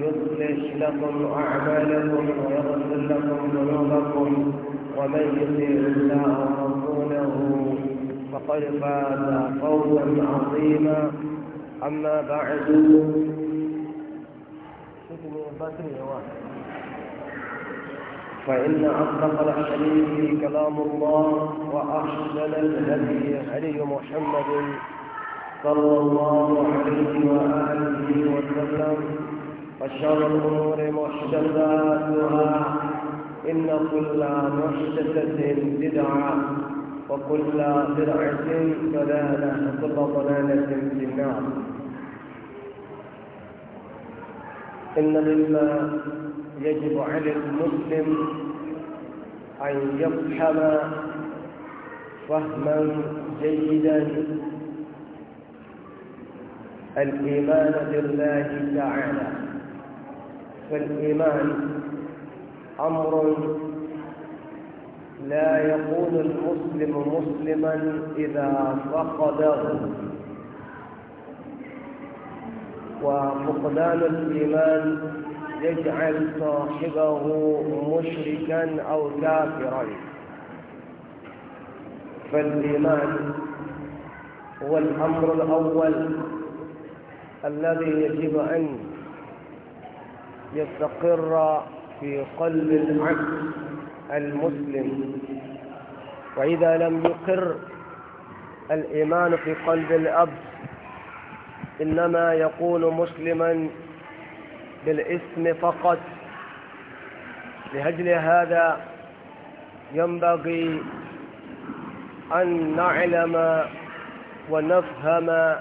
يصلح لكم أعمالكم ويغفر لكم ذنوبكم ومن يطع الله ورسوله فقد فاز فوزا عظيما أما بعد فإن أصدق الحديث كلام الله وأحسن الهدي هدي محمد صلى الله عليه وآله وسلم وشر الأمور محدثاتها إن كل محدثة بدعة وكل بدعة ضلالة وكل ضلالة في النار إن مما يجب على المسلم أن يفهم فهما جيدا الإيمان بالله تعالى فالإيمان أمر لا يكون المسلم مسلما إذا فقده وفقدان الإيمان يجعل صاحبه مشركا أو كافرا فالإيمان هو الأمر الأول الذي يجب أن يستقر في قلب العبد المسلم وإذا لم يقر الإيمان في قلب الأب إنما يكون مسلما بالاسم فقط لأجل هذا ينبغي أن نعلم ونفهم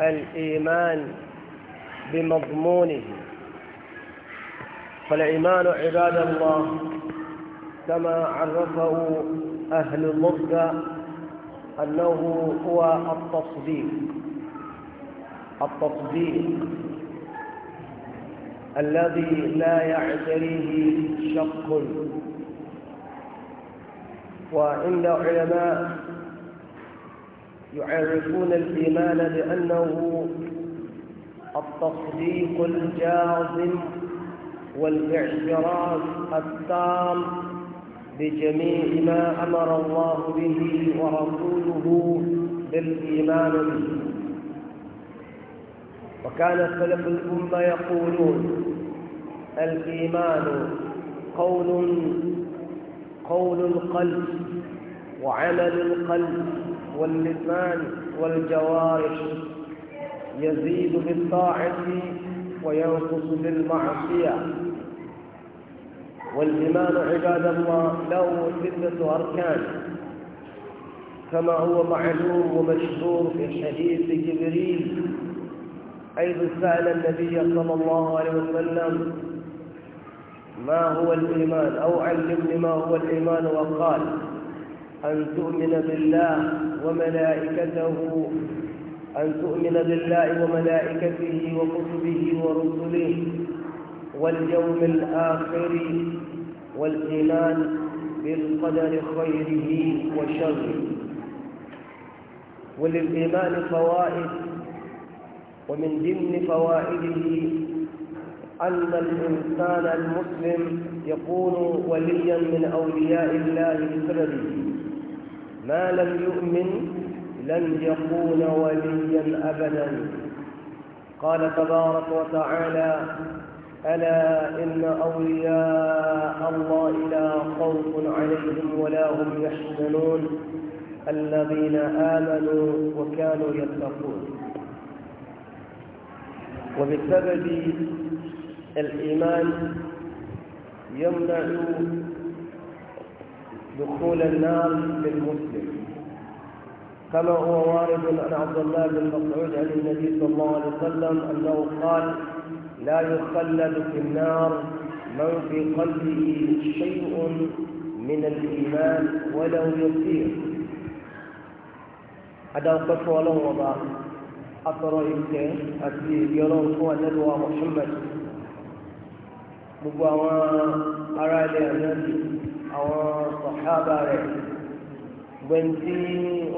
الإيمان بمضمونه فالإيمان عباد الله كما عرفه أهل المرجع أنه هو التصديق التصديق الذي لا يعتريه شق وعند علماء يعرفون الإيمان بأنه التصديق الجازم والاعتراف التام بجميع ما أمر الله به ورسوله بالإيمان به وكان سلف الأمة يقولون الإيمان قول قول القلب وعمل القلب واللسان والجوارح يزيد بالطاعة وينقص بالمعصية والإيمان عباد الله له ستة أركان كما هو معلوم ومشهور في حديث جبريل حيث سأل النبي صلى الله عليه وسلم ما هو الإيمان أو علمني ما هو الإيمان وقال أن تؤمن بالله وملائكته أن تؤمن بالله وملائكته وكتبه ورسله واليوم الآخر والإيمان بالقدر خيره وشره وللإيمان فوائد ومن ضمن فوائده أن الإنسان المسلم يكون وليا من أولياء الله بسببه ما لم يؤمن لن يكون وليا أبدا قال تبارك وتعالى ألا إن أولياء الله لا خوف عليهم ولا هم يحزنون الذين آمنوا وكانوا يتقون وبسبب الإيمان يمنع دخول النار للمسلم كما هو وارد عن عبد الله بن مسعود عن النبي صلى الله عليه وسلم أنه قال لا يخلد في النار من في قلبه شيء من الإيمان ولو يسير هذا القصه ولو وضع أثر يمكن أسير يرون هو ندوى محمد مبوا أراد أن يدي أو صحابة رأيه gbẹ̀ntì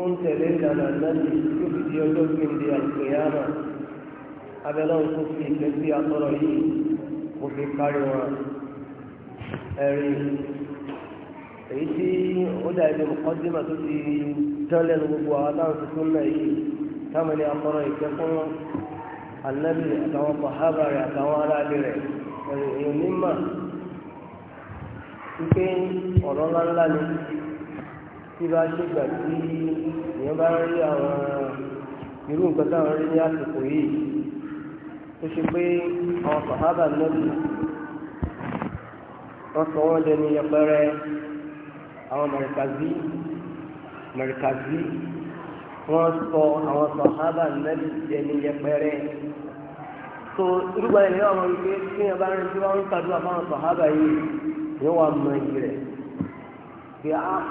ń tẹ̀lé ìlànà lẹ́nu yóò fi di ọjọ́ gbèndé àlùkòyàmà abẹ́lẹ́ òkú fi ìfẹ́ sí atọ́rọ̀ yìí kò fi kárí wọn ẹ̀rí èyí tí ó dà ibi mọ̀kọ́dìmà tó ti tán lẹ́nu gbogbo àwọn táwọn tuntun náà yìí táwọn ní atọ́rọ̀ ìfẹ́ fún anabi àtàwọn pàhábà rẹ̀ àtàwọn aráàlú rẹ̀ ẹ̀rí èyí onímọ̀ wípé ọ̀rọ̀ ńláńlá ni tí bá ṣe gbà tí èèyàn bá rí àwọn irú nǹkan táwọn rí ní àsìkò yìí tó ṣe pé àwọn sàhábà nọ́ọ̀lù wọ́n sọ wọ́n dẹni yẹpẹrẹ àwọn mẹ̀rìkàzí mẹ̀rìkàzí wọ́n sọ àwọn sàhábà nọ́ọ̀lù dẹni yẹpẹrẹ tó irúgbà ilé àwọn ìgbé tí èèyàn bá rí tí wọ́n ń tàdúrà fáwọn sàhábà yìí ni wọ́n wà mọ ìyí rẹ̀ pé á ah,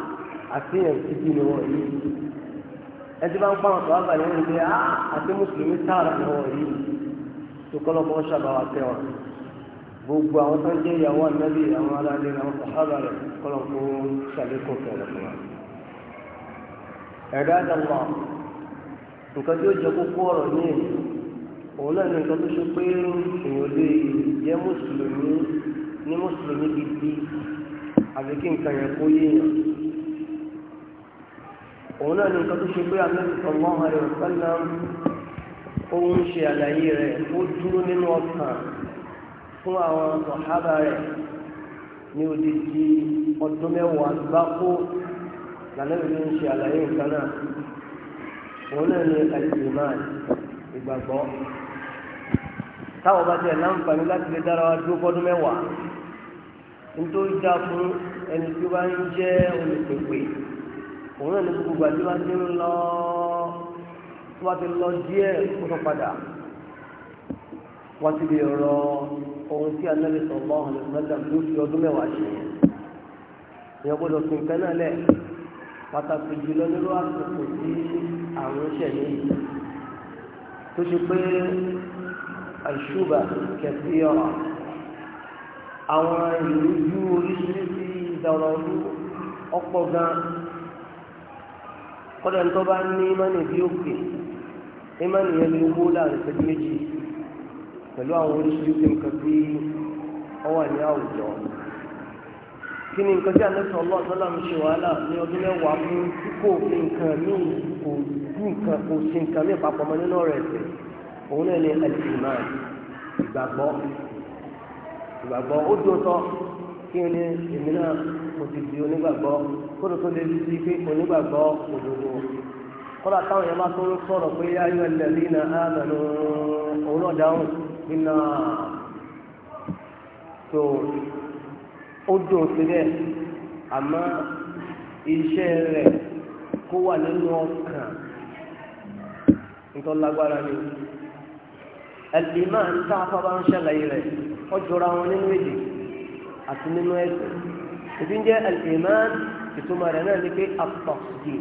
àfihàn títí ni wọ́n yìí ti bá ń pa àwọn ndị ni wọ́n ń gbé á àti mùsùlùmí tààrà ni wọ́n yìí tó kọ́lọ́kọ́ ṣàbàwà gbogbo àwọn tó ń jẹ́ ìyàwó ànábì àwọn aláàlẹ́ àwọn sàhábà rẹ̀ kọ́lọ́kọ́ ṣàlékún kẹrẹ̀ fún wa. ẹ̀dá àdàlọ́ nǹkan tí ó jẹ kókó ọ̀rọ̀ ní òun náà nǹkan tó ṣe pé èèyàn lè jẹ́ mùsùlùmí ní mùsùlùmí gidi òun náà ní nǹkan tó ṣe pé àmì ọmọ rẹ̀ ọ̀sánná òun ṣe àlàyé rẹ̀ ó dúró nínú ọkàn fún àwọn sọ̀hábà rẹ̀ ní odidi ọdún mẹ́wàá gbáko lànàbí ló ń ṣe àlàyé nǹkan náà òun náà ní àìsèmáà ìgbàgbọ́ táwọn bá tiẹ̀ láǹfààní láti lè dára wa dúró fọ́dún mẹ́wàá nítorí dáa fún ẹni tí ó bá ń jẹ́ olùpèpè òun náà ní gbogbo gbàdí wá ti ń lọ tó bá ti lọ díẹ̀ kó tó padà wọ́n ti lè rọ ohun tí Ànábì sallallahu alaihi wasallam ló fi ọdún mẹ́wàá ṣe yẹn èèyàn gbọ́dọ̀ fi nǹkan náà lẹ̀ pàtàkì jùlọ nínú àsìkò tí àwọn ìṣẹ̀lẹ̀ yìí tó ṣe pé àṣùbà kẹfì ọ̀rọ̀ àwọn ìrújú oríṣiríṣi ìdàrọ̀ ọ̀pọ̀ gan-an kọ́dọ̀ ní tó bá ní ìmánì bí ó pè ìmánì yẹn ló wó láàrin pẹ̀lú méjì pẹ̀lú àwọn oríṣiríṣi nǹkan tí wọ́n wà ní àwùjọ. kí ni nǹkan tí àlejò ọlọ́ọ̀tọ́lá ń ṣe wàhálà ní ọdún mẹ́wàá fún tí kò fi nǹkan míì kò dún nǹkan kò ṣe nǹkan míì papọ̀ mọ́ nínú ọ̀rọ̀ ẹ̀sẹ̀ òun náà ní ẹ̀sìn ìgbàgbọ́ ìgbàgbọ́ ó dùn tán kí ni èmi náà mo ti di onígbàgbọ́ kódò tó lè di pé onígbàgbọ́ òdodo kódà táwọn yẹn bá tó sọ̀rọ̀ pé ayé òun náà dáhùn tó ó dùn àmọ́ iṣẹ́ rẹ̀ kó wà nínú ọkàn nítorí lágbára ni ẹ̀lì máa ń tá bá ń ṣẹlẹ̀ rẹ̀ jọra wọn nínú àti nínú ẹ̀sìn ìdí ń jẹ́ al-iman ìtumọ̀ rẹ̀ náà ni pé àtọ̀sí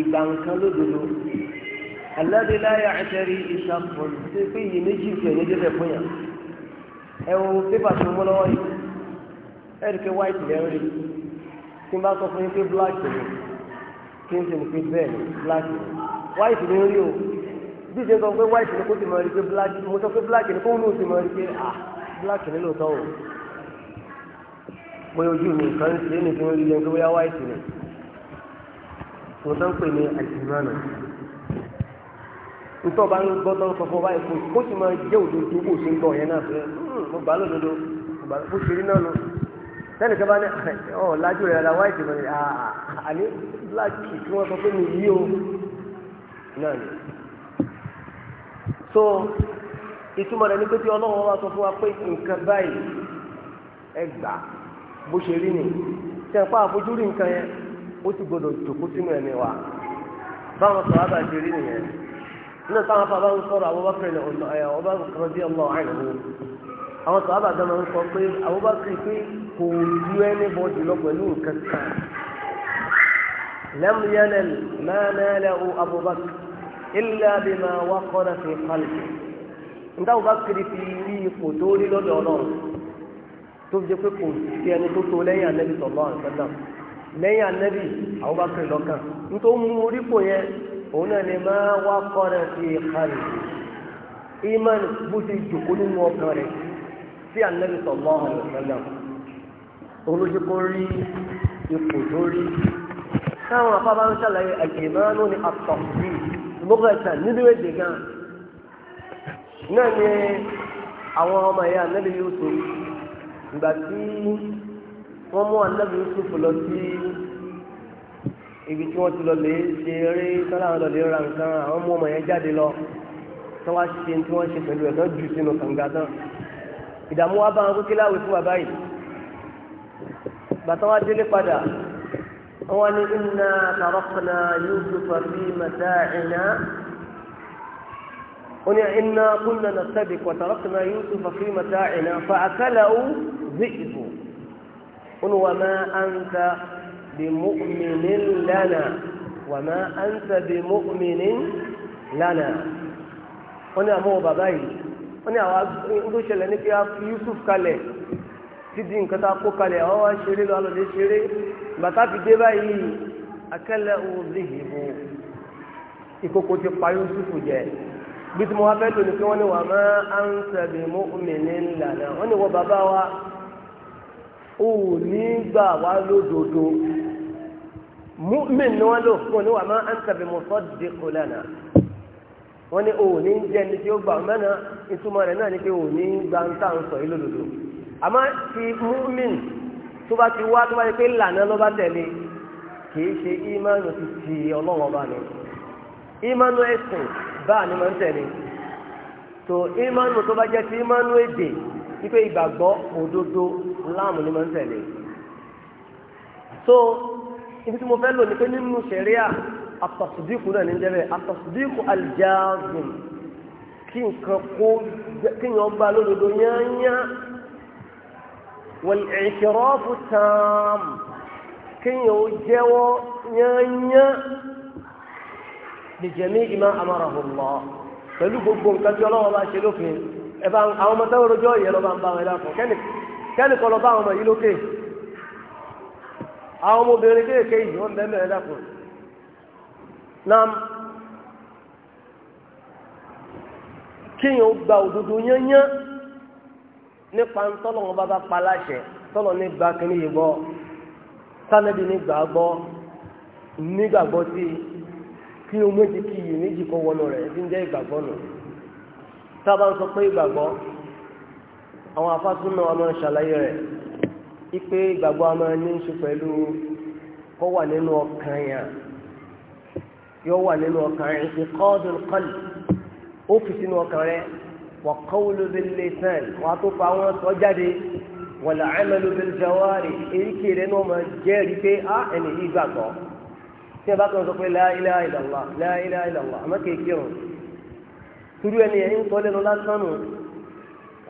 ìgbà nǹkan lódodo alladhi la ya'tari ìṣàpọ̀ ṣe pé iye méjì fi ẹ̀yẹ́ débẹ̀ fún yàn ẹ wo pépà tó ń wọ́n lọ́wọ́ yìí ẹ rí i pé white lẹ́rìn rí tí n bá sọ fún yín pé black rẹ̀ kí n sì ní pé bẹ́ẹ̀ ni black rẹ̀ white ni rí o bí ṣe ń sọ pé white ni kó ti mọ̀ rí pé black mo sọ pé black ni kó ń lò ó ti mọ̀ rí pé ah black ni lóòótọ́ o bóyá ojú mi nǹkan ṣe é nìkan rí lẹ́yìn bóyá wáìtì rẹ̀ tó tán pè ní àìsímánà ntọ́ bá ń gbọ́ tán fọfọ́ báyìí kó kó sì máa jẹ́ òdodo kó sì ń tọ̀ yẹn náà fẹ́ hmm, mo gbà lódodo bó ṣe rí náà nù sẹ́ni kí bá ní ọ lájú rẹ̀ la wáìtì ah, rẹ̀ àní lájú kí wọ́n sọ pé mi yí o náà ni so ìtumọ̀ rẹ̀ ní pé tí ọlọ́run wá sọ fún wa pé nǹkan báyìí ẹ gbà á bó ṣe rí ni tẹ̀pá àfojúrí nǹkan yẹn ó ti gbọdọ̀ jòkó sínú ẹ̀mí wa báwọn sọ̀rọ̀ àbá ṣe rí nìyẹn nínú táwọn afọ àbáwọn sọ̀rọ̀ Abubakar Abubakar radiyallahu anhu àwọn sọ̀rọ̀ àbá dáná ń sọ pé Abubakar pé kò ju ẹni bọ́ọ̀dù lọ pẹ̀lú nǹkan kan lam yanal ma nalahu Abubakar illa bima waqara fi qalbi nígbà Abubakar fi rí ipò tó rí lọ́dọ̀ Ọlọ́run tó fi jẹ́ pé kò sí ẹni tó tó lẹ́yìn anẹ́bí sallallahu alaihi wasallam lẹ́yìn anẹ́bí àwọn bá kiri lọ́kàn nítorí mú orí kò yẹ òun náà ni máa wá kọ́ rẹ̀ sí ìkàlù ìmánì bó ti jòkó nínú ọkàn rẹ̀ sí anẹ́bí sallallahu alaihi wasallam olójúkó rí ipò tó rí táwọn afábá ń ṣàlàyé àjèmánú ni àtọ̀sí lọ́gàtà nínú èdè gan náà ni àwọn ọmọ ẹ̀yà anẹ́bí Yusuf ìgbà tí wọ́n mú anábì Yusuf lọ sí ibi tí wọ́n ti lọ lè ṣe eré tọ́lá àwọn lọ́lẹ́ ra nǹkan àwọn ọmọ yẹn jáde lọ tí wọ́n ṣe tí wọ́n ṣe pẹ̀lú ẹ̀tọ́ jù sínú kànga tán ìdààmú wa bá wọn kó kíláwé fún bàbá yìí bàtà wa délé padà wọn ni inna tarakna Yusuf fi mata'ina wọn ni inna kunna nastabiq wa tarakna Yusuf fi mata'ina fa akalahu. الذئب قل وما أنت بمؤمن لنا وما أنت بمؤمن لنا wọ́n àmọ́ bàbá yìí wọ́n ní àwọn olóṣèlú ní kí a fi Yusuf kalẹ̀ títí nǹkan tá a kó kalẹ̀ àwọn wá ṣeré lọ alọ́dẹ ṣeré bàtà fi dé báyìí akẹ́lẹ̀ òòzì ìbò ìkókò ti pa Yusuf jẹ bí tí mo wá fẹ́ lónìí pé wọ́n ní wàá máa ń sẹ̀bi mú mi ní ìlànà wọ́n ní wọ́n bàbá wa ò ní gbà wá lódodo mu'min ni wọ́n lò fún ní wà máa ń tàbí musaddiq lana wọ́n ní ò ní jẹ́ ní tí ó gbà mẹ́nà ìtumọ̀ rẹ̀ náà ní pé ò ní gbà ń tà ń sọ yìí lódodo àmọ́ ti mu'min tó bá ti wá tó bá ti pé lànà ló tẹ̀lé kìí ṣe ìmánu ti ti ọlọ́wọ́ bá ní ìmánu ẹ̀sìn bá ní máa ń tẹ̀lé tó ìmánu tó bá jẹ́ ti ìmánu èdè wípé ìgbàgbọ́ òdodo láàmù ni máa ń tẹ̀lé so ibi tí mo fẹ́ lò ní pé nínú sẹ̀ríà àtọ̀sídìkù náà ní jẹ́bẹ̀ àtọ̀sídìkù aljaazim kí nǹkan kó kí yàn gba lódodo yányá wal i'tirafu tam kí yàn ó jẹ́wọ́ yányá bi jami'i ma pẹ̀lú gbogbo nǹkan tí ọlọ́wọ́ bá ṣe lófin ẹ̀ àwọn ọmọ táwọn rojọ́ yẹ lọ́ bá ń bá wọn lápò kẹ́nìkan kẹ́lì kọ́ lọ bá àwọn ọmọ yìí lókè àwọn ọmọbìnrin kéèké yìí wọ́n bẹ́ẹ̀ mẹ́rin dàpọ̀ náà kéèyàn gba òdodo yányán nípa ntọ́lọ̀ wọn bá bá pa láṣẹ tọ́lọ̀ ní gba kínní yìí gbọ́ sálẹ́bí ní gbà gbọ́ nígbàgbọ́ sí kí o méjì kí iyèméjì kọ́ wọnú rẹ̀ ẹ̀sìn jẹ́ ìgbàgbọ́ nù tá a bá ń sọ pé ìgbàgbọ́ àwọn afásúnmọ̀ wa máa ń ṣàlàyé rẹ̀ ipe ìgbàgbọ́ a máa ní ṣe pẹ̀lú kó wà nínú ọkàn yàn yóò wà nínú ọkàn rẹ̀ ṣe kọ́ọ̀dùn kọ́lì ó fi sínú ọkàn rẹ̀ wà qawlu bil lisan wà tó fa àwọn sọ jáde wà la'amalu bil jawari èyíkì rẹ̀ ní wọ́n máa jẹ́rìí pé á ẹni yìí gbàgbọ́ tí a bá kàn sọ pé la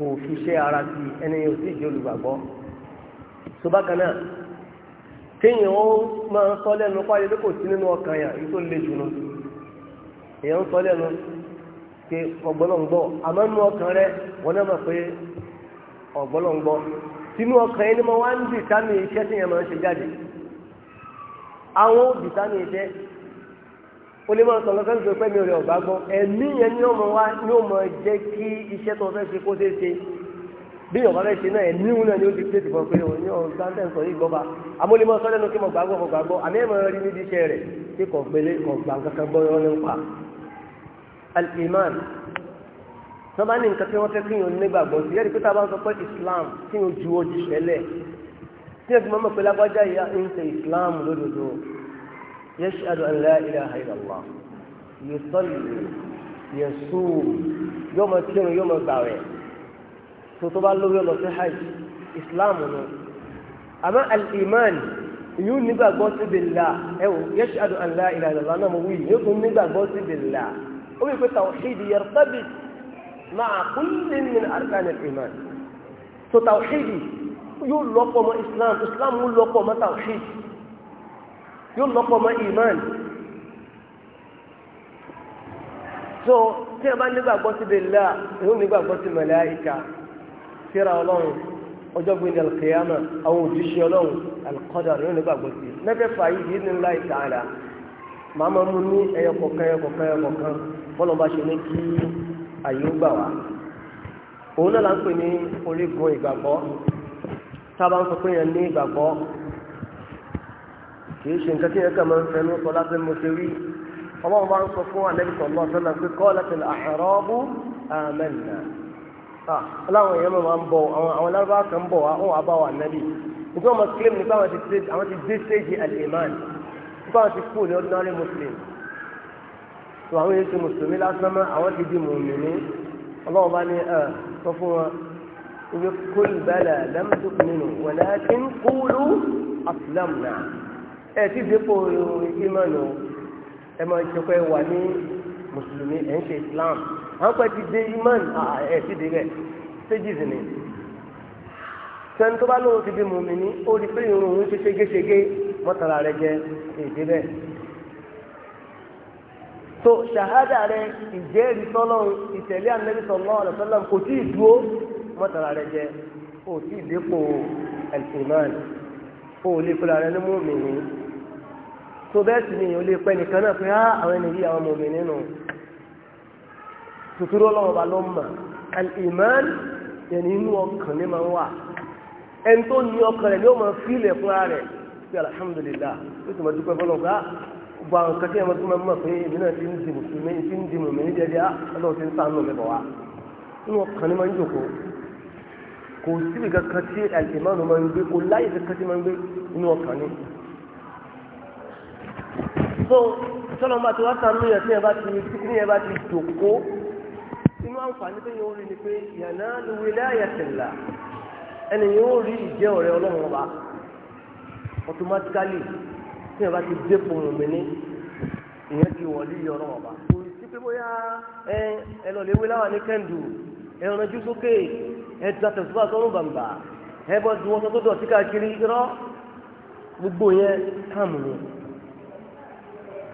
kò fi ara ti ẹni oluba sì jẹ́ olùgbàgbọ́ tó bákan náà téèyàn ó máa ń sọ lẹ́nu pálí pé kò sí nínú ọkàn yà yìí tó le jù lọ èèyàn ń sọ lẹ́nu pé ọ̀gbọ́lọ́ngbọ́ àmọ́ ọkàn rẹ wọn náà mọ̀ pé sínú ọkàn ni mo wá ń dìtámì iṣẹ́ téèyàn máa ń ṣe jáde o lè máa sọ̀rọ̀ fẹ́ẹ́ pẹ́ mi ò rẹ̀ ọ̀gbá gbọ́ ẹ̀mí yẹn ni ó mọ wá ni ó mọ jẹ́ kí iṣẹ́ tó fẹ́ ṣe kó ṣe é ṣe bí ọ̀gá fẹ́ ṣe náà ẹ̀mí òun náà ni ó ti pèsè fún ọ pé òun ní ọ̀hún sáńtẹ̀ ń sọ yìí gbọ́ba àmọ́ lè máa sọ lẹ́nu kí mo gbàgbọ́ mo gbàgbọ́ àmì ẹ̀ máa rí níbi iṣẹ́ rẹ̀ kí kò gbélé kò gbà kankan gbọ́ yọ ní pa. al-iman ní nǹkan tí wọ́n fẹ́ kí nígbàgbọ́ sí ẹ̀rí pé tá a bá sọ pé islam kí yóò ju ojúṣẹ́lẹ̀ tí yóò fi máa mọ̀ pé lágbájá yìí ń ṣe islam lódodo يشهد أن لا إله إلا الله يصلي يصوم يوم الدين يوم الدعوة تطبع له يوم الحج إسلامنا أما الإيمان yóò nígbàgbọ́ sí bìlá ẹ̀wò yẹ́ṣàdù àlá ìlànà náà mo wí yóò tún nígbàgbọ́ sí bìlá ó wí pé tàwíìdì yẹrùtàbí máa kúlé ní àrùkánì ìmán so tàwíìdì yóò lọ́pọ̀ mọ́ islam islam lọ́pọ̀ mọ́ tàwíìdì yóò lọ́pọ̀ mọ́ iman so tí a bá nígbàgbọ́ sí bèlá ìhun nígbàgbọ́ sí màláíkà síra ọlọ́run ọjọ́ gbé alkiyama àwọn òjíṣẹ́ ọlọ́run alkọ́dàrú ìhun nígbàgbọ́ sí lẹ́fẹ̀ẹ́ fàáyì yìí ní láì tààlà màá máa mú ní ẹyọ kọ̀ọ̀kan ẹyọ kọ̀ọ̀kan ẹyọ kọ̀ọ̀kan bá ṣe a bá ń sọ pé yẹn kìí ṣe nǹkan tí yẹn kà máa ń fẹnu sọ láti mo ṣe rí ọlọ́run bá ń sọ fún ànábì sallallahu alaihi wasallam pé qalat al-a'rabu amanna aláwọn èèyàn máa ń bọ̀ àwọn lárúbáwá kan ń bọ̀ wá wọn àbáwọ̀ ànábì nígbà wọn máa claim nípa àwọn ti àwọn ti dé stage al-iman nípa ti kú ní ordinary muslim tó àwọn èèyàn ti mùsùlùmí lásán mọ́ àwọn ti di mùmìnì ọlọ́run bá ní ẹ sọ fún wọn ibi kul bala lam tu'minu walakin qulu aslamna ẹ ti dépò ìmọ̀nà ẹ máa ṣe pé wà ní mùsùlùmí ẹ̀ ń ṣe islam àwọn pẹ́ ti dé imán ẹ̀ ti dé rẹ̀ stages ni sẹ́ni tó bá lóun ti di mùmíní ó rí pé irun òun ṣe ṣégeṣége mọ́tara rẹ jẹ èdè bẹ́ẹ̀ so ṣàhádà rẹ ìjẹ́rìí sọ́lọ́run ìtẹ̀lé ànábì sallallahu alaihi kò tí ì dúró mọ́tara rẹ jẹ kò tí ì dépò ẹ̀sìn náà kò lè pèrè rẹ ní tó bẹ́ẹ̀ sì ni èèyàn lè pẹ́ nìkan náà pé á ah, àwọn ẹni yìí àwọn mọ̀mí nínú tuntun ọlọ́wọ́ ba ló mà al-iman yẹn inú ọkàn ní máa ń wà ẹni tó ní ọkàn rẹ̀ ni ó máa fílẹ̀ fúnra rẹ̀ sí alhamdulillah ó sì máa dúpẹ́ fọlọ́ pé á ah, gbogbo àwọn kan tí ẹ máa tún máa pé èmi náà ti ń di mùsùlùmí ti ń di mùmí jẹ́jẹ́ á ọlọ́run ti ń sànù mi bọ̀ wá inú ọkàn ní máa ń jòkó kò síbi kankan tí al-iman máa ń gbé kò láyè kankan tí máa ń gbé inú ọkàn ní so tọ́lọ́mọ àti wá sànú yẹn tí yẹn bá ti ní yẹn bá ti jòkó inú àǹfààní tó yẹn ó rí ni pé yàrá lóore láyàtìlá ẹni yẹn ó rí ìjẹ́ ọ̀rẹ́ ọlọ́run ọba automatically tí yẹn bá ti dé fún mi ní ìyẹn ti wọ̀lú yìí ọlọ́run ọba kò sí pé bóyá ẹ ẹ lọ léwé láwọn ní kẹ́ndù ẹ rànjú sókè ẹ dàtẹ̀síwá sọ́run bàǹbà ẹ bọ́ ju wọn tó dọ̀tí káàkiri irọ́ gbogbo yẹn káàmù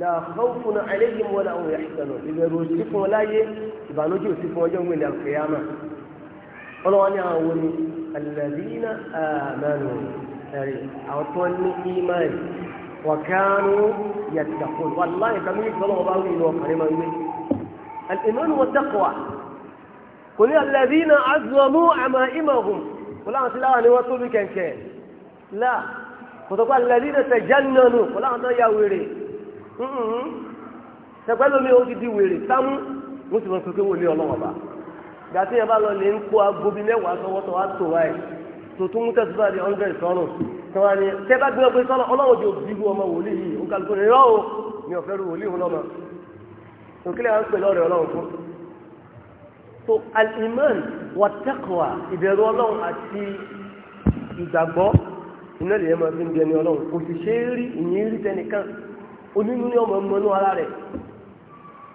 la khawfun alayhim wala hum yahzanun ìbẹ̀rù òsì fún wọn láyé ìbànújẹ́ òsì fún ọjọ́ ìwé al-qiyamah ọlọ́wọ́ ní àwọn oní alladhina amanu ẹ̀rí àwọn tó ní ìmáàlì wa kanu yattaqun wàláyé kàmí ìfọlọ́wọ́ bá wù ìlú ọkùnrin máa ń gbé al-iman wa taqwa kò ní alladhina azlamu ama'imahum kò láwọn ti ni wọ́n tóbi kẹ̀kẹ́ la kò tó kọ́ alladhina tajannanu kò tó yà wèrè sẹpẹlú mm-hmm. mi ó ti di wèrè sámú mo sì mọ pé kéwọn ní ọlọ́wọ́ bá gàtí yẹn bá lọ lè ń kó agobi mẹ́wàá sọwọ́sọ wá tó wáyé tó tún mú tẹ̀síwá di hundred sọ́nù tọ́wá ni tẹ́ bá gbé ọgbẹ́ sọ́nù ọlọ́wọ́ jò bí wọ́n ọmọ wòlíì yìí ó kálukú ni yọ́ọ̀ mi ò fẹ́ ru wòlíì ọlọ́mọ òkèlè à ń pè lọ́rẹ̀ ọlọ́run fún. so al-iman wa taqwa ìbẹ̀rù ọlọ́run àti ìgbàgbọ́ iná lè yẹ máa fi ń di ẹni ọlọ́run kò sì ṣe é rí ìyẹn rí tẹnìkan onínú ni ọmọ mọ́nú ara rẹ̀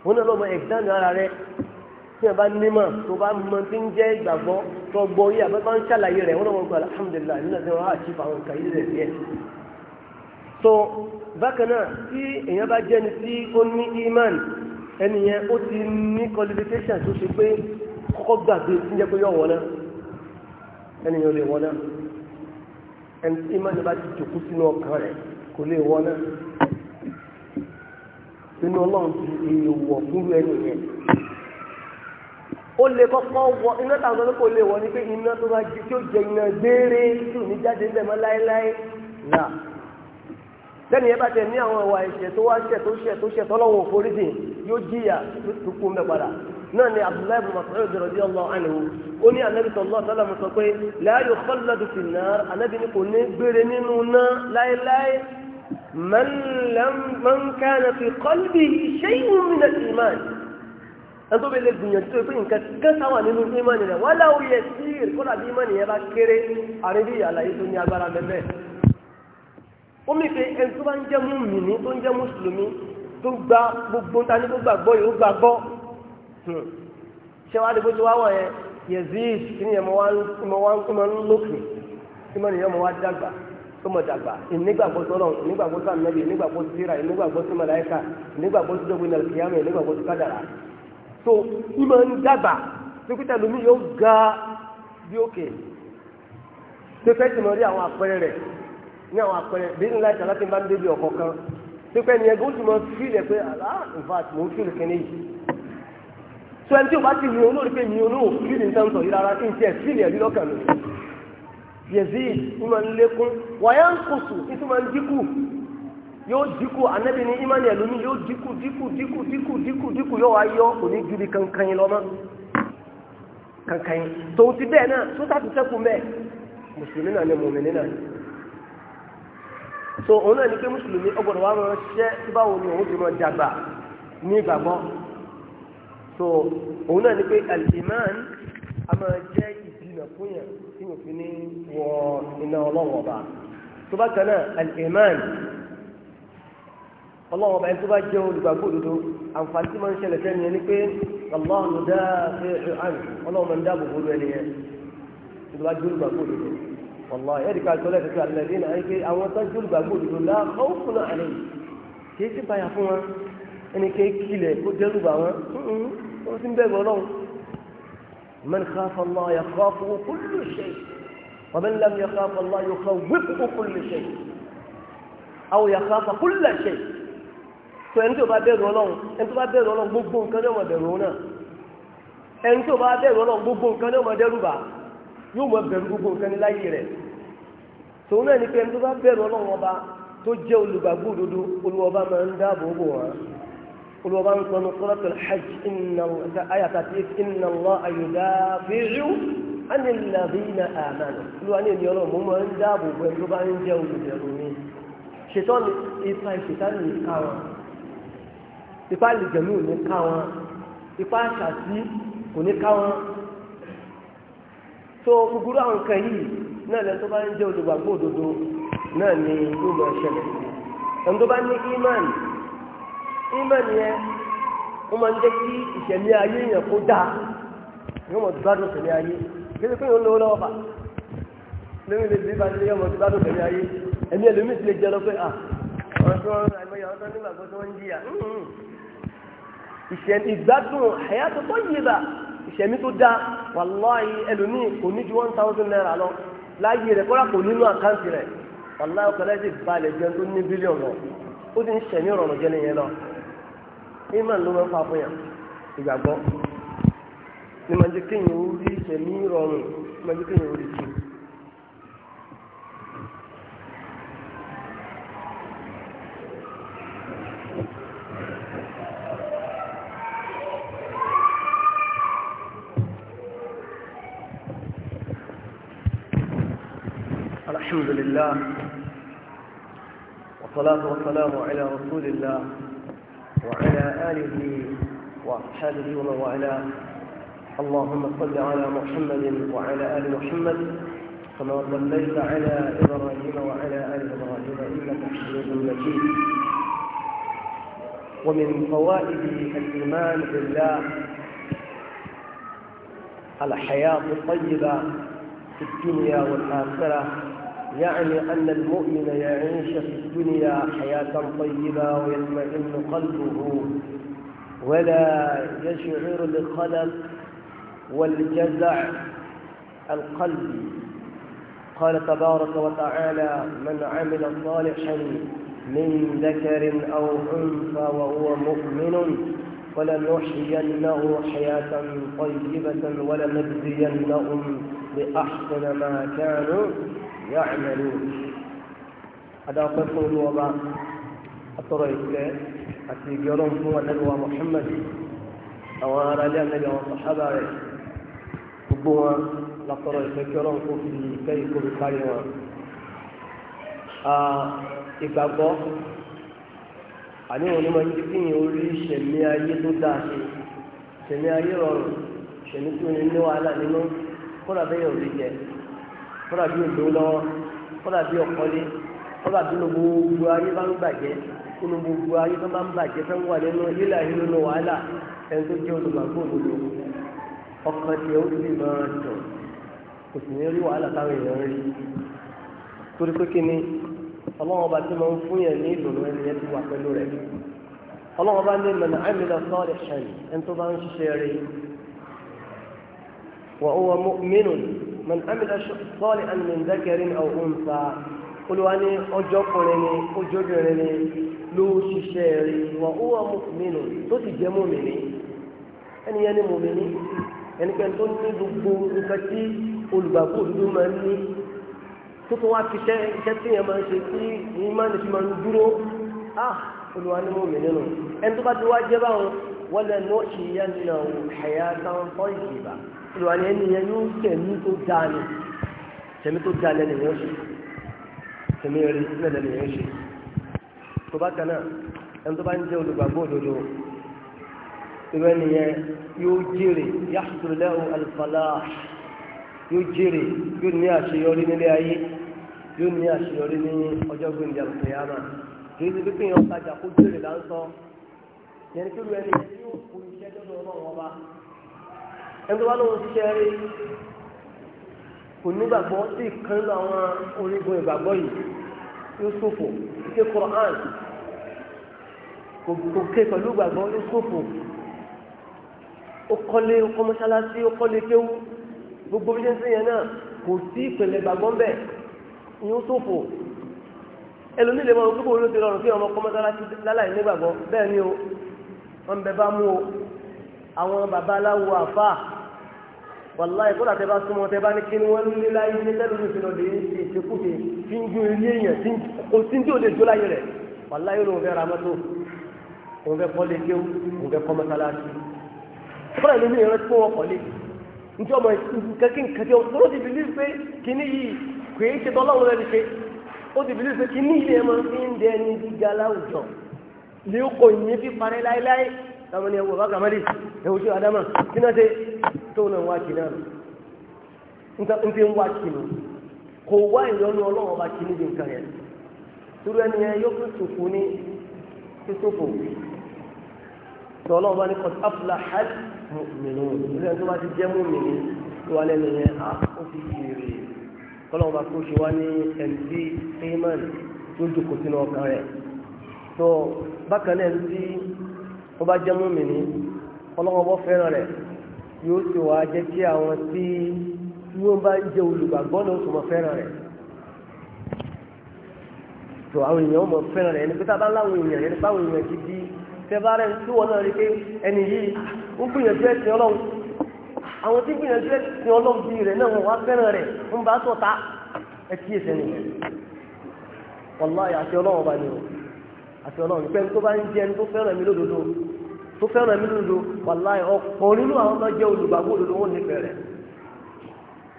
wọn náà lọ́mọ ẹ̀gbẹ́ni ara rẹ̀ tí ẹ bá nímọ̀ tó bá mọ tí ń jẹ́ ìgbàgbọ́ tó gbọ́ yìí àbẹ́ bá ń ṣàlàyé rẹ̀ wọ́n náà wọ́n gba alhamdulilayi nínú àti wọn á ṣe àwọn nǹkan yìí rẹ̀ díẹ̀. so bákan náà tí èèyàn bá jẹ́ tí ó ní iman ẹni yẹn ó ti ní qualification tó ṣe pé kọ́kọ́ gbàgbé tí ń jẹ́ pé yọ̀ wọ́n náà ẹni yẹn ò lè wọ́n náà ẹni tí iman bá ti jòkó sínú ọkàn rẹ̀ kò lè wọ́n náà nínú ọlọ́run ti èèwọ̀ fúru ẹni yẹn ó lè kọ́kọ́ wọ iná táwọn ọlọ́pàá ó lè wọ ní pé iná tó bá jẹ tí ó jẹ iná gbére tí ò ní jáde ń bẹ̀ mọ́ láéláé nà lẹ́nu yẹn bá tẹ̀ ní àwọn ìwà ẹ̀ṣẹ̀ tó wá ṣẹ̀ tó ṣẹ̀ tó ṣẹ̀ tọ́lọ́wọ́ òforíjì yóò jìyà tó kú mẹ́ padà náà ni abdullahi bin mas'ud radiyallahu anhu ó ní anabi sallallahu alaihi wasallam sọ pé la yukhalladu fin nar anabi ni kò ní gbére nínú náà láéláé من لم من كان في قلبه شيء من الإيمان أنت بلد الدنيا تقول كسوى من الإيمان ولا يسير كل الإيمان يبكر عربي على الدنيا برا مبه omi pe ẹni tó bá ń jẹ́ mùmìnì tó ń jẹ́ mùsùlùmí tó gba gbogbo ta ní kó gbàgbọ́ yìí ó gbàgbọ́ ṣé wàá dìbò tí wàá wọ̀ yẹn yezid kí ni ẹ̀ wá ń lókè kí mọ̀ nìyẹn wá dàgbà tó mọ̀ dàgbà ìnígbàgbọ́ sọ́lọ̀ ìnígbàgbọ́ sàmìnẹ́bì ìnígbàgbọ́ síra ìnígbàgbọ́ sí màláíkà ìnígbàgbọ́ sí dọ́gbìn alkiyama ìnígbàgbọ́ sí kádàrà so ìmọ̀ ń dàgbà dókítà lómi yóò ga bí òkè pépẹ́ tí mo rí àwọn àpẹẹrẹ rẹ̀ ní àwọn àpẹẹrẹ bí nílá ìtàlá ti máa ń débi ọ̀kọ̀ kan pépẹ́ ni ẹgbẹ́ òtún mọ fílẹ̀ pé àlá nfàt mò ń fílẹ̀ kẹ́ni so ẹni tí o bá ti rìn olórí pé mi olóò fílẹ̀ ń tán sọ yìí rárá kí yazid ìmọ̀ ń lékún wàyà kusu kùsù ìtumọ̀ ń dínkù yóò dínkù anabi ní ìmọ̀ yẹn lómi yóò dínkù dínkù dínkù dínkù dínkù dínkù yóò wá yọ òní ju bí kankan yín lọ́mọ kankan yín tòun ti bẹ́ẹ̀ náà tó tàbí sẹ́kù mẹ́ẹ̀ mùsùlùmí náà ni mùmìnì náà ni so òun náà ní pé mùsùlùmí ọgbọ̀dọ̀ wa máa ṣẹ́ báwo ni òun ti máa dàgbà ní ìgbàgbọ́ so òun náà ní pé al a máa jẹ́ ìdìnà fún yàn tí mo fi ní wọ iná ọlọ́wọ́ bá tó bá kan náà al-iman ọlọ́wọ́ bá ẹni tó bá jẹ́ olùgbàgbọ́ òdodo àǹfààní tí máa ń ṣẹlẹ̀ sẹ́ni yẹn ni pé ọlọ́run ló dáa fẹ́ ẹ̀ hàn ọlọ́run máa ń dáàbò bó lọ ẹni yẹn tó bá jẹ́ olùgbàgbọ́ òdodo wàllá ẹ̀rí ká tọ́lẹ̀ fẹ́ alẹ́ dín náà pé àwọn tó jẹ́ olùgbàgbọ́ òdodo náà ó fún من خاف الله يخافه كل شيء ومن لم يخاف الله يخوفه كل شيء أو يخاف كل شيء فأنت بعد رولون أنت بعد رولون بوبون كانوا يوم درونا أنت بابير ولون بقبون كان يوم دروبا يوم بابير بقبون كان لا يرى سونا نكلم أنت بابير ولون وبا تجول jẹ́ olùgbàgbọ́ òdodo olùwọ́ba máa ń dáàbò olùwọ́bá ń sọnù suratul hajj inna Allaha yudafi'u anil ladhina amanu olùwà ní ènìyàn náà mo máa ń dáàbò bò ẹni tó bá ń jẹ́ olùbẹ̀rù mi ṣètọ́n ipa ìṣètánì ìka wọn ipa ìlìjẹ̀mí ò ní ká wọn ipa àṣàtì kò ní ká wọn tó gbogbo àwọn nǹkan yìí náà lẹ́nu tó bá ń jẹ́ olùgbàgbọ́ òdodo náà ni yóò máa ṣẹlẹ̀ ẹni tó bá ní imáàni ìmọ̀ni yẹn wọ́n máa ń jẹ́ kí ìṣẹ̀mí ayé yẹn kó dáa yóò mọ̀ gbádùn ìṣẹ̀mí ayé kéde pé yóò lówó lọ́wọ́ bá lórí ilé bí bàtí yóò mọ̀ gbádùn ìṣẹ̀mí ayé ẹ̀mí ẹlòmíì ti lè jẹ́ lọ pé à àwọn tó ń ra ìmọ̀yà ọ̀tọ́ nígbàgbọ́ tó ń jìyà ìṣẹ̀mí ìgbádùn àyàtọ̀ tó yé bá ìṣẹ̀mí tó dáa wàláhì ẹlòmíì kò ní ju one thousand naira lọ láyé rẹ̀ kọ́lá kò nínú àkáǹtì rẹ̀ wàláhì ọkọ̀ láti balẹ̀ jẹun tó ní bílíọ̀nù ó ti ń ṣẹ̀mí ọ̀rọ̀ jẹ́ nìyẹn lọ iman ló fa fún yàn ìgbàgbọ́ ni ma jẹ́ kéèyàn orí rí ìṣẹ̀mí rọrùn ma jẹ́ kéèyàn orí rí الحمد لله والصلاة والسلام على رسول الله وعلى آله وأصحابه ومن والاه اللهم صل على محمد وعلى آل محمد كما صليت على إبراهيم وعلى آل إبراهيم إنك حميد مجيد ومن فوائد الإيمان بالله الحياة الطيبة في الدنيا والآخرة يعني أن المؤمن يعيش في الدنيا حياة طيبة ويطمئن قلبه ولا يشعر بالقلق والجزع القلبي قال تبارك وتعالى من عمل صالحا من ذكر أو أنثى وهو مؤمن فلنحيينه حياة طيبة ولنجزينهم بأحسن ما كانوا يعملون هذا قصر الوضع أترى إسكاء أتي قرم هو نبوى محمد أو أنا رجع النبي والصحابة gbogbo wọn lakọrọ ìfẹkẹrọ kó fi ìfẹ́ ìkórè kárí wọn. ìgbàgbọ́ àníwọ̀n ni máa ń jí kíyìn orí ìṣẹ̀mí ayé tó dáa ṣe ìṣẹ̀mí ayé rọrùn ìṣẹ̀mí tó ní wàhálà nínú kó làbẹ́yẹ̀ òbí jẹ kọ́dà bí olówó lọ́wọ́ kọ́dà bí ọ̀kọ́lé kọ́dà bí gbogbo ayé bá ń bàjẹ́ kúló gbogbo ayé tó bá ń bàjẹ́ fẹ́ wà nínú ilé ayé nínú wàhálà ẹni tó jẹ́ olùgbàgbọ́ òdodo ọkàn tiẹ̀ ó sì máa dùn kò sì ní rí wàhálà táwọn èèyàn rí torí pé kí ni ọlọ́run ọba tí máa ń fún yẹn ní ìdùnnú ẹni yẹn ti wà pẹ̀lú rẹ̀ ọlọ́run ọba ní mọ̀nà àmìlà sọ́ọ̀lì ṣàn ẹni tó bá ń ṣiṣẹ́ rí wà ó wà mọ́mínú من عمل صالحا من ذكر أو أنثى قلوا أني أجوكرني أجوكرني لو ششيري وهو مؤمن تتجي مؤمني أني يعني مؤمني يعني كان تني ضبو وكتي olùgbàgbọ́ òdodo máa ń ní tó tún wá fiṣẹ́ iṣẹ́ tí èèyàn máa ń ṣe tí ìmáàlì fi máa ń dúró ah olùwà ni mo mìíràn nù ẹni tó bá ti wá jẹ́ báwọn wọ́n lẹ́nu ọ̀ṣì yẹn nínú àwọn ẹ̀yà táwọn fọ́ ìgbà olùwà ni ẹni yẹn yóò tẹ̀mí tó dáa ni tẹ̀mí tó dáa lẹ́nu yẹn ṣe tẹ̀mí rí lẹ́nu yẹn ṣe tó bá kan náà ẹni tó bá ń jẹ́ olùgbàgbọ́ òdodo irú ẹni yẹn yóò jèrè yahsul lahu al-falah yóò jèrè yóò ní àṣeyọrí nílé ayé yóò ní àṣeyọrí ní ọjọ́ gbẹ̀ǹdà kìyàmà kìí ṣe pípín ọ̀tajà kó jèrè láńsọ yẹn kí irú ẹni yóò kú iṣẹ́ ẹni tó bá lóun ṣiṣẹ́ rí kò nígbàgbọ́ sí ìkan nínú àwọn orígun ìgbàgbọ́ yìí yóò ṣòfò ike Quran kò ké pẹ̀lú ìgbàgbọ́ yóò ṣòfò ó kọ́lé ó kọ́ mọ́ṣáláṣí ó kọ́lé kéwú gbogbo bí ṣe ń sìn yẹn náà kò sí ìpìlẹ̀ ìgbàgbọ́ ń bẹ̀ yóò ṣòfò ẹlòmíì lè mọ gbogbo olóde lọrùn kí ọmọ kọ́ láláì nígbàgbọ́ bẹ́ẹ̀ ni o wọ́n bẹ bá mú o àwọn babaláwo àfáà wàláì kó dàtẹ́ bá súnmọ́ tẹ́ bá ní kí ni wọ́n ń lé láyé ní tẹ́lẹ̀ ní fi lọ́dẹ ṣe ìṣekúṣe tí ń ju ilé èèyàn kò sí tí ò lè jó láyé rẹ̀ wàláì ló ń fẹ́ ra mọ́tò òun fẹ́ kọ́ lé kéwù òun fẹ́ kọ́ mọ́sálásí. kọ́lá ìlú mi ìrántí pé wọ́n kọ́ lé njẹ́ ọmọ kẹ́kẹ́ kẹ́kẹ́ tó ti bìlí pé kíní yìí kò í ṣe tọ́lọ́run rẹ̀ ṣe ó ti bìlí pé kíní ilé ẹ̀ máa fi ń dẹ ní gíga láwùjọ ní kò ní fi parẹ́ láéláé táwọn ẹ̀wọ̀ bá kàmẹ́lì ẹ̀wọ̀ tí adama kí náà ṣe tóun náà wá kí náà n fi ń wá kí nu kò wá ìyọnu ọlọ́run ọba kí níbi nǹkan yẹn turu ẹni yẹn yóò fi sòfò ní sísòfò tí ọlọ́run bá ní kọ́ afúlá hajj mìíràn ìrìn tó bá ti jẹ́ mú mìíràn tó wà lẹ́nu yẹn á ah, ó ti kéré kọ́lọ́run bá kó ṣe wá ní md payment tó jòkó sínú ọkàn rẹ̀ tó bákan náà ẹni tí ó bá jẹ́ mú mìíràn ọlọ́run bọ́ fẹ́ràn rẹ̀ yóò ti wá jẹ́ kí àwọn tí wọ́n bá jẹ́ olùgbàgbọ́ náà tó mọ̀ fẹ́ràn rẹ̀ tó àwọn èèyàn mọ̀ fẹ́ràn rẹ̀ ẹni pé tábà láwọn èèyàn ẹni báwọn èèyàn ti di tẹ́bá rẹ̀ tí wọ́n náà rí pé ẹni yìí ń gbìyànjú ẹ̀sìn ọlọ́run àwọn tí gbìyànjú ẹ̀sìn ọlọ́run bí rẹ̀ náà wọ́n wá fẹ́ràn rẹ̀ ń bá sọ̀tá ẹ kí èsẹ̀ ni wọ́n láyà àti ọlọ́run ọba ni o àti ọlọ́run pé ẹni bá ń jẹ ẹni tó fẹ́ràn mi lódodo tó fẹ́ràn mi lòdò wàláì ọ̀pọ̀ nínú àwọn tó jẹ́ olùgbàgbọ́ òdodo wọn nífẹ̀ẹ́ rẹ̀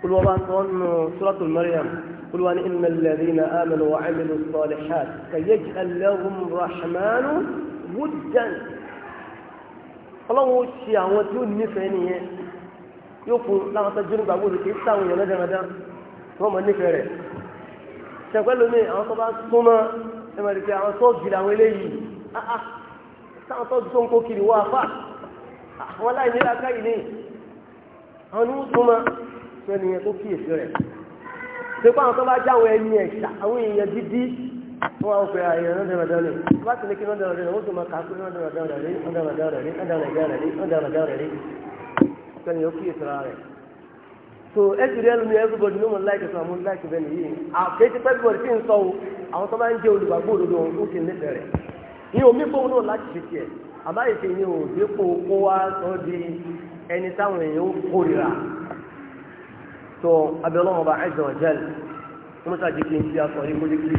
olùwà bá sọ nù sọ́tò mẹ́rìàm olùwà ní ìnà lẹ́rìnà àmàlù wà àmàlù sọ̀lẹ̀ ṣáàt kàyéjì aláhùn rahmanu wùdàn ọlọ́run ó ṣe àwọn tí ó nífẹ̀ẹ́ nìyẹn yóò fún láwọn tó jẹ́nu gbàgbọ́ òdodo kì í sáwọn èèyàn lẹ́dẹ̀ẹ́dẹ́ wọ́n mọ̀ nífẹ̀ẹ́ rẹ̀ ṣẹ̀pẹ́ lómi àwọn tó bá súnmọ́ ẹ̀mọ̀rìkẹ́ àwọn tó gìrì eléyìí ah, ah, táwọn tó tó ń kó kiri wá fà àwọn aláìní aká ilé àwọn ní wọ́n ma tó ẹni yẹn tó kíyèsí rẹ̀ tó kọ́ tó bá já ẹni ẹ̀ṣà àwọn èèyàn dídí wọ́n àwọn pẹ̀lú àyẹ̀rẹ̀ náà dẹ̀rẹ̀ dẹ̀rẹ̀ wọ́n ti ní kí náà dẹ̀rẹ̀ wọ́n tó ma kàákú náà dẹ̀rẹ̀ dẹ̀rẹ̀ rí náà so ẹsì rẹ lómi everybody ló mọ láìkì sọ àmú láìkì bẹ́ẹ̀ nìyí àkéjì pẹ́ẹ́bí bọ̀dì tí ń sọ o àwọn tó bá ń jẹ́ olùgbàgbọ́ òdodo òun ó ti ń lẹ́sẹ̀ ní omi pọ̀ náà láti ṣe tiẹ̀ àbáyé ṣe ni òde kó kó wá sọ di ẹni táwọn èèyàn ó kórìíra tó abẹ́lọ́wọ́n bá azza wa jal wọ́n mọ́ta jẹ́ kí n fi aṣọ yìí kó lè kí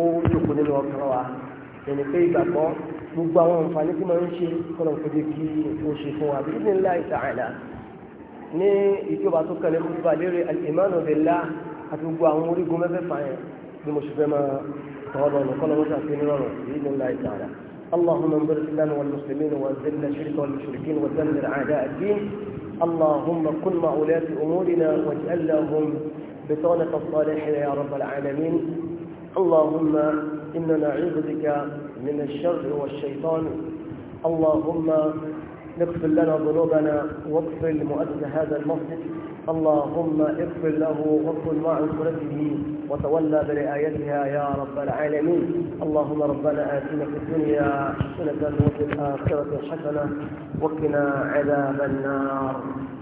ó yòkó nínú ọkàn wa ẹni pé ìgbàgbọ́ gbogbo àwọn nǹkan tí máa ń ṣe kọ́nà kó lè kí ó ṣe fún wa bí nílá ta'ala ní ìjọba tó kẹlẹ́ kó balẹ̀ rẹ̀ al-imanu billah àti gbogbo àwọn orígun mẹ́fẹ̀ẹ̀fà yẹn bí mo ṣe صوابا قال وسع في نور باذن الله تعالى اللهم انظر لنا والمسلمين وانزلنا الشرك والمشركين ودمر اعداء الدين اللهم كن مع ولاة امورنا واجعل لهم بطانة الصالحين يا رب العالمين اللهم انا نعوذ بك من الشر والشيطان اللهم اغفر لنا ذنوبنا واغفر لمؤسس هذا المسجد اللهم اغفر له معه معذرته وتولى برعايتها يا رب العالمين اللهم ربنا آتنا في الدنيا حسنة وفي الآخرة حسنة وقنا عذاب النار